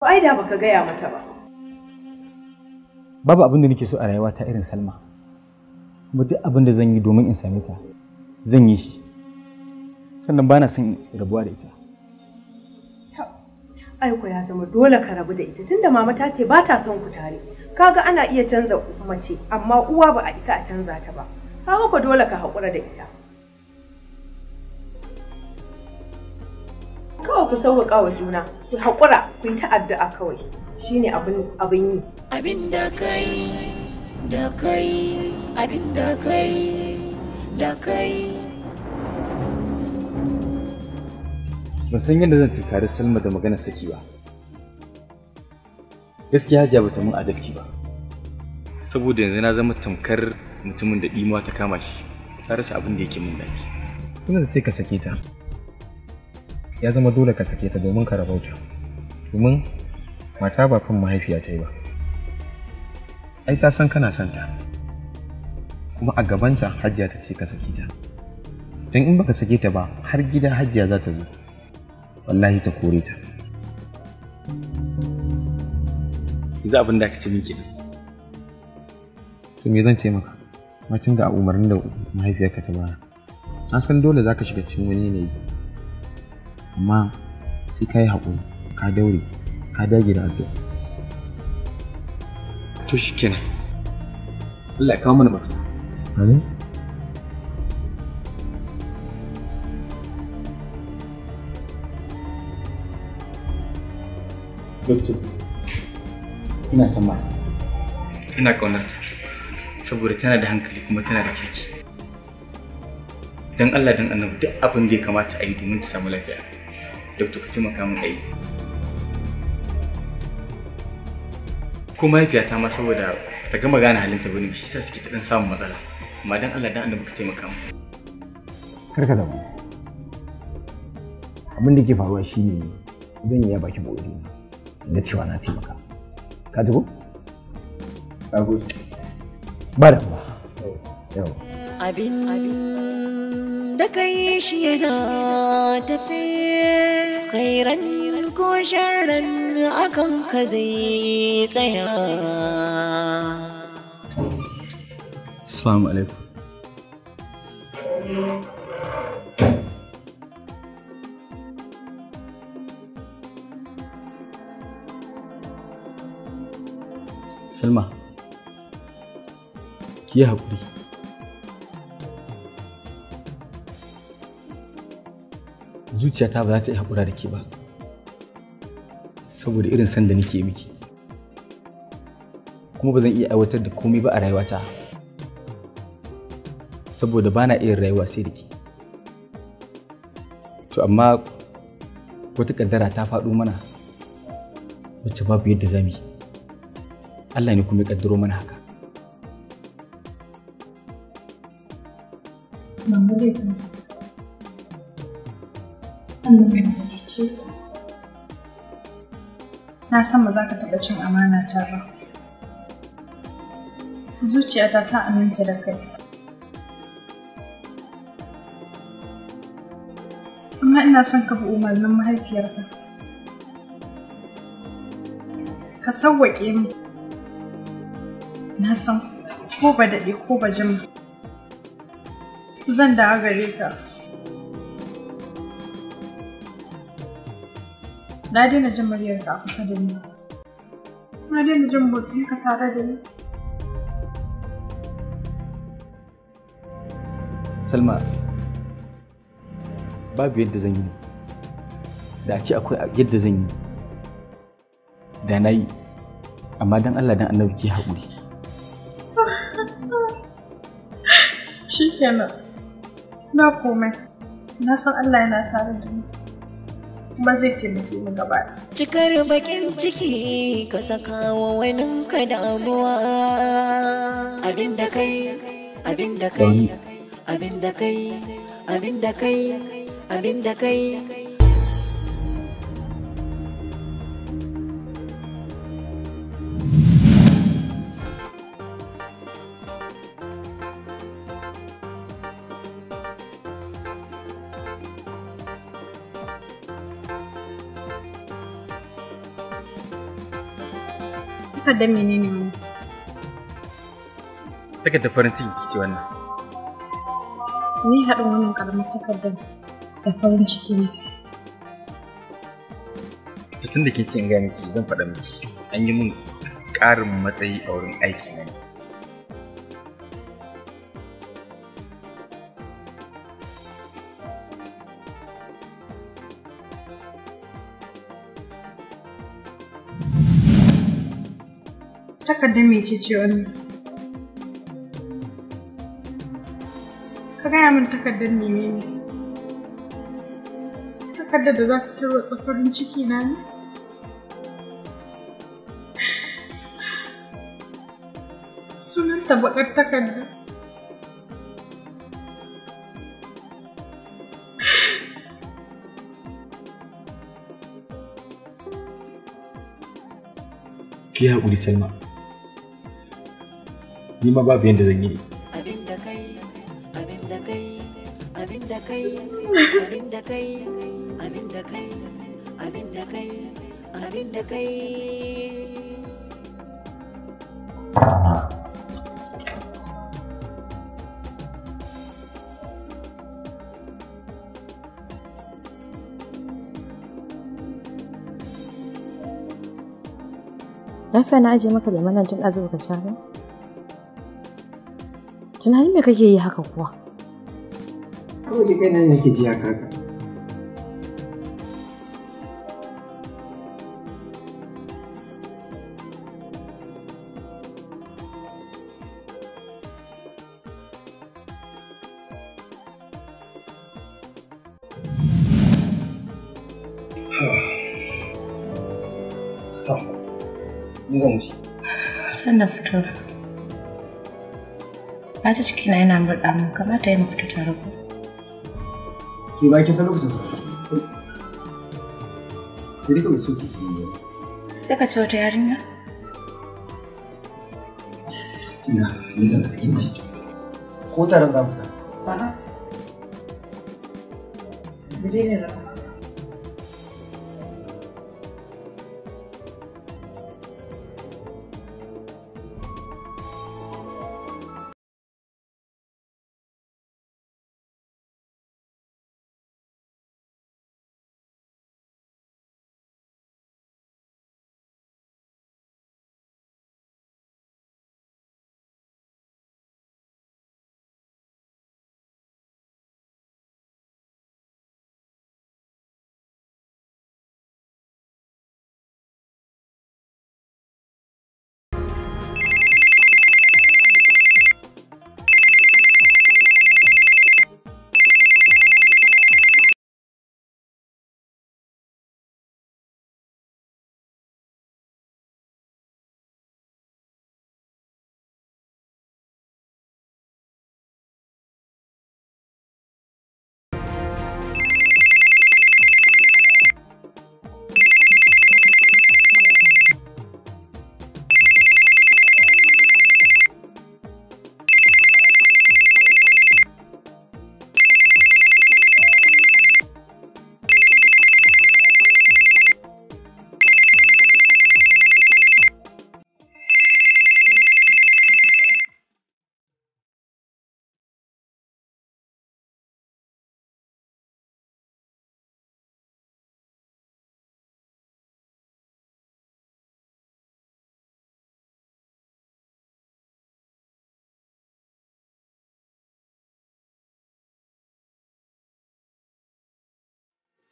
Ba ai da baka gaya mata ba. Babu abin da nake so a rayuwa ta irin Salma. Kuma duk abin da zan yi domin in same ta, zan yi shi. Sannan bana son rabuwa da ita. Aiko ya zama dole ka rabu da ita tunda mama ta ce ba ta son ku tare. Kaga ana iya canza mace amma uwa ba a isa a canza ta ba. Kaga ko dole ka haƙura da ita. kawai ku sauƙaƙa wa juna ku haƙura ku yi ta kawai shine abin abin yi abin da kai da kai abin da kai da kai ban san yadda zan kari salma da magana saki ba gaskiya hajiya ba ta mun adalci ba saboda yanzu na zama tamkar mutumin da imuwa ta kama shi ta rasa abin da yake mun daɗi tunda da ce ka sake ta ya zama dole ka sake ta domin ka rabauta domin mata ba fin mahaifiya ce ba ai ta san kana son ta kuma a gabanta hajiya ta ce ka sake ta don in baka sake ta ba har gida hajiya za ta zo wallahi ta kore ta yanzu abin da aka ce min kenan to me zan ce maka macin da a umarnin da mahaifiyarka ta bara na san dole za ka shiga cikin wani ne. amma sai ka yi haƙuri ka daure ka dage da addu'a to shi kenan Allah ya kawo mana mutum amin Doktor, ina son mata. Ina ƙaunarta, saboda tana da hankali kuma tana da kirki. Don Allah don annabi duk abin da ya kamata a yi domin ta samu lafiya. Dr. ku taimaka min Ko mahaifiyata ma saboda ta gama gane halinta bane shi sa suke ta dan samun matsala. Amma dan Allah dan annabi ka taimaka min. Karka da mu. Abin da ke faruwa shine zan iya baki bodi na cewa na taimaka. Ka ji ko? Ba da mu. Abin da kai shi yana tafiya khairan ko sharran akan ka zai tsaya Assalamu alaikum Salma, ki haƙuri. zuciyata ba za ta iya haƙura da ke ba saboda irin sanda da nake miki kuma ba zan iya aiwatar da komai ba a rayuwata saboda ba na iya rayuwa sai da ke to amma wata ƙaddara ta faɗo mana wacce babu yadda zami Allah ne kuma ya kaddaro mana haka. Na san ba za ka taɓa cin amana ta ba. Zuciyata ta aminta da kai. Amma ina son ka bi umarnin mahaifiyarka. Ka sawwaƙe mu. Na san ko ba daɗe ko ba jima. Zan dawo gare ka. Na daina jin muryar ka kusa da ni. Na daina jin motsin ka tare da ni. Salma, babu yadda zan yi. Da a ce akwai yadda zan yi. Da na yi, amma don Allah don annabi ke haƙuri. Shi kenan, na komai, na san Allah yana tare da ni. kuma zai taimake mu gaba. Cikar bakin ciki ka saka wa wani ka damuwa abin da kai abin da kai abin da kai abin da kai abin da kai da menene wannan? Takardar farin ciki kici wannan. Ni haɗin wannan ƙaramar takardar da farin ciki ne. Tutun da ke ce in gaya miki zan faɗa miki an yi min ƙarin matsayi a wurin aiki. takardar mai ce wannan ka gaya min takardar mene ne takardar da za ka tarwatsa farin ciki na ne sunanta bakar takarda ki haƙuri Selma. ni ma babu yadda zan yi abin da kai abin da kai abin da kai abin da kai abin da kai abin da kai abin da kai Lafiya na aje maka da manajin azuba ka sha Tunanin me kake yi haka kuwa? Kawai da kaina ne nake ji haka haka. Sannan fito. ba ta ciki na yana murɗa mu kamata ya mu tare ku ke ba ki san lokacin sa sai dai kawai so ki yi sai ka ce wata yarinya ina ni zan ko taron za mu ta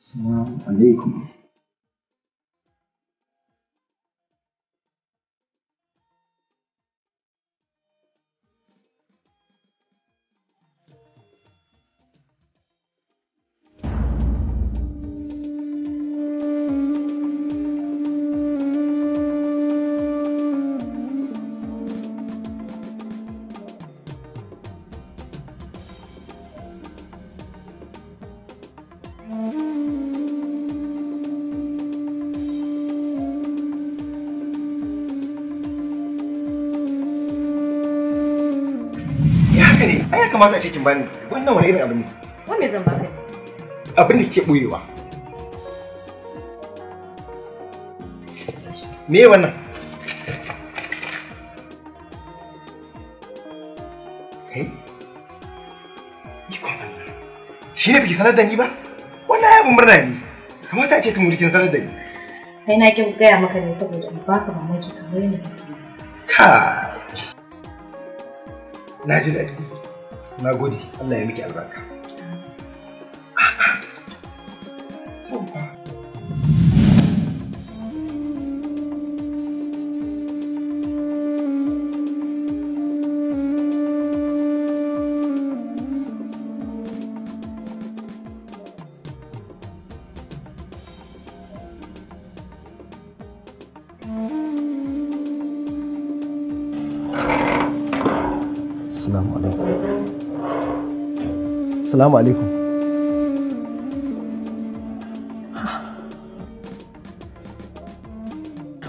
السلام عليكم kamata a ce kin bani wannan wani irin abu ne wanne zan baka abin da ke boyewa me wannan kai ikon Allah shi ne biki sanar da ni ba wannan ya murna ne kamata a ce tun mulkin sanar da ni kai na ki gaya maka ne saboda in baka mamaki kamar yadda kake yi ka na ji daɗi na gode Allah ya miki albarka Assalamu alaikum.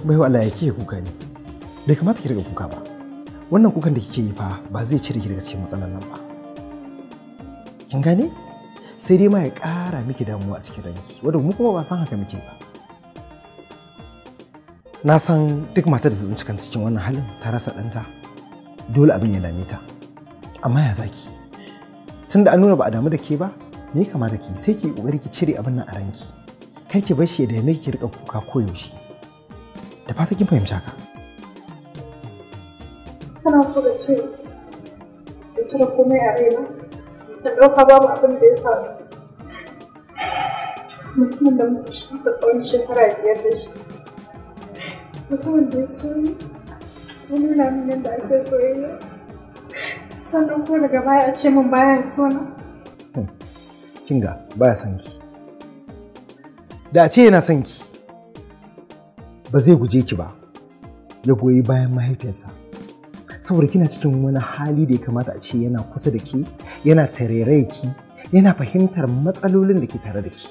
wa Allah ya kiyaye kuka ne. Bai kamata ki riga kuka ba. Wannan kukan da kike yi fa ba zai cire ki daga cikin matsalar nan ba. Kin gane? Sai dai ma ya ƙara miki damuwa a cikin ranki, wanda mu kuma ba san haka muke ba. Na san duk matar da ta cikin wannan halin ta rasa ɗanta. Dole abin ya lame ta. Amma ya zaki? tunda an nuna ba a damu da ke ba me kama kamata ke sai ki kokari ki cire abin nan a ranki kar ki bashi da yame ki rika kuka ko yaushe da fata kin fahimta ka kana so da ce ki cire komai a raina da ɗauka babu abin da ya faru mutumin da muka shafa tsawon shekara biyar da shi mutumin da ya so ni ya nuna min yadda ake soyayya sannan ko daga baya a ce min baya sona hmm. kinga baya son ki da a ce yana son ki ba zai guje ki ba ya goyi bayan mahaifiyarsa saboda kina cikin wani hali da ya kamata a ce yana kusa da ke yana tarairaye ki yana fahimtar matsalolin da ke tare da ki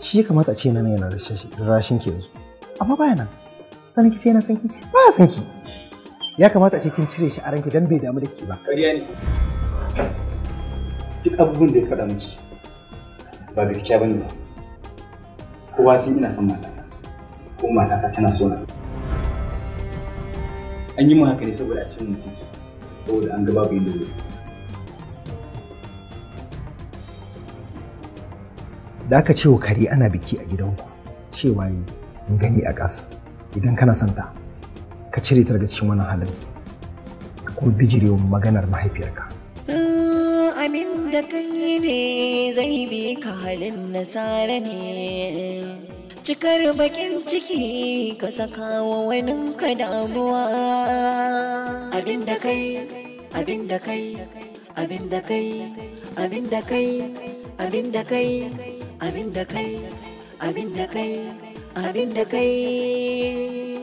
shi ya kamata a ce yana yana rashin ki yanzu amma baya nan sanin ki ce yana son ki baya son ki ya kamata a ce kin cire shi a ranki dan bai damu da ke ba ƙarya ne duk abubuwan da ya faɗa miki ba gaskiya bane ba kowa sun ina son mata ko matata tana so na an yi mu haka ne saboda a cikin mutunci saboda an gaba babu da zai da aka ce wa kare ana biki a gidanku cewa yi gani a ƙas idan kana santa ka cire ta daga cikin wannan halin ko kuma bijirewa maganar mahaifiyarka ah, amin da kai ne zai bi ka halin nasara ne cikar bakin ciki ka saka wa wani ka damuwa abin da kai abin da kai abin da kai abin da kai abin da kai abin da kai abin da kai abin da kai